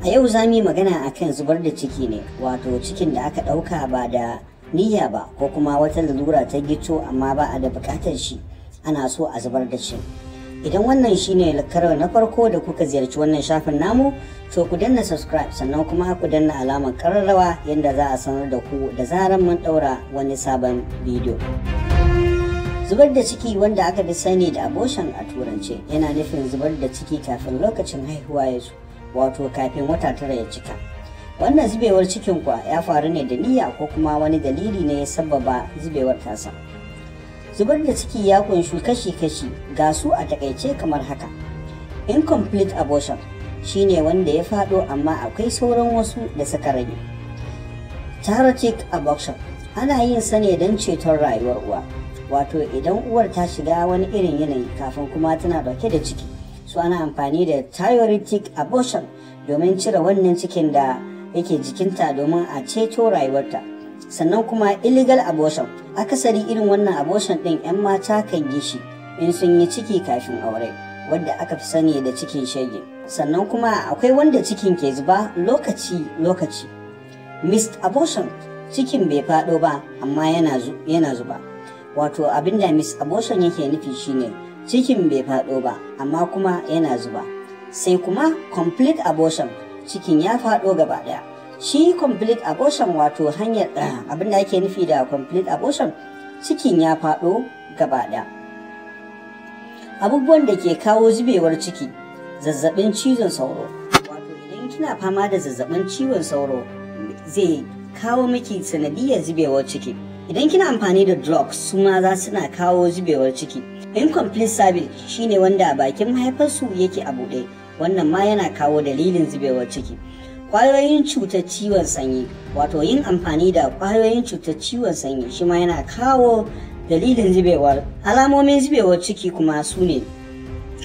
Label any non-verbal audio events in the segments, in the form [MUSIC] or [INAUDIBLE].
A yau za mu yi magana akan zubar da ciki ne, wato cikin da aka ɗauka ba da niyya ba ko kuma wata lura ta gito amma ba a da buƙatar shi ana so a zubar da shi. Idan wannan shi ne karo na farko da kuka ziyarci wannan shafin namu, to ku danna subscribe sannan kuma ku danna alamar ƙararrawa yadda za a sanar da ku da zarar mun ɗaura wani sabon bidiyo. zubar da ciki wanda aka fi sani da abortion a turance yana nufin zubar da ciki kafin lokacin haihuwa ya zo wato kafin wata tara ya cika wannan zubewar cikin kwa ya faru ne da niyya ko kuma wani dalili ne ya sababa zubewar tasa zubar da ciki ya kunshi kashi-kashi ga su a takaice kamar haka incomplete abortion shine wanda ya faɗo, amma akwai sauran wasu da suka rage tarotic abortion ana yin sane don ceton rayuwar uwa wato idan uwar ta shiga wani irin yanayi kafin kuma tana dauke da ciki su ana amfani da thyroidic abortion domin cire wannan cikin da yake jikinta domin a ceto rayuwarta sannan kuma illegal abortion akasari irin wannan abortion din 'yan mata kan yi shi in sun yi ciki kafin aure wadda aka fi sani da cikin shege sannan kuma akwai wanda cikin ke zuba lokaci lokaci missed abortion cikin bai faɗo ba amma yana zuba wato abinda miss abortion yake nufi shine cikin bai faɗo ba amma kuma yana zuba sai kuma complete abortion cikin ya faɗo gaba ɗaya shi complete abortion wato hanyar [CLEARS THROAT] abin da ake nufi da complete abortion cikin ya faɗo gaba ɗaya abubuwan da ke kawo zubewar ciki zazzabin cizon sauro wato idan kina fama da zazzabin ciwon sauro zai kawo miki sanadiyar zubewar ciki idan kina amfani da drugs suma za suna kawo zubewar ciki incomplete cervix shine wanda a bakin mahaifarsu yake a buɗe wannan ma yana kawo dalilin zubewar ciki ƙwayoyin cutar ciwon sanyi wato yin amfani da ƙwayoyin cutar ciwon sanyi shi ma yana kawo dalilin zubewar alamomin zubewar ciki kuma su ne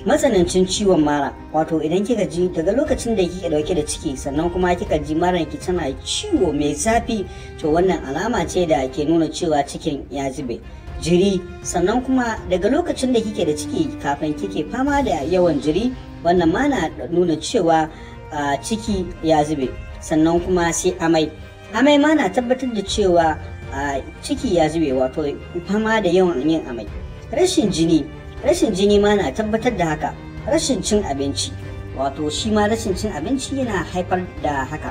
matsanancin ciwon mara wato idan kika ji daga lokacin da kike dauke da ciki sannan kuma kika ji mara ki tana ciwo mai zafi to wannan alama ce da ke nuna cewa cikin ya zube jiri sannan kuma daga lokacin da kike da ciki kafin kike fama da yawan jiri wannan ma na nuna cewa ciki ya zube sannan kuma sai amai amai ma na tabbatar da cewa ciki ya zube wato fama da yawan yin amai rashin jini rashin jini ma na tabbatar da haka rashin cin abinci wato shi ma rashin cin abinci yana haifar da haka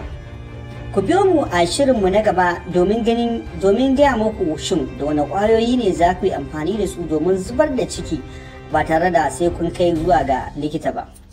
Ku biyo mu a shirinmu na gaba domin ganin domin gaya muku shin da wani kwayoyi ne za ku yi amfani da su domin zubar da ciki ba tare da sai kun kai zuwa ga likita ba.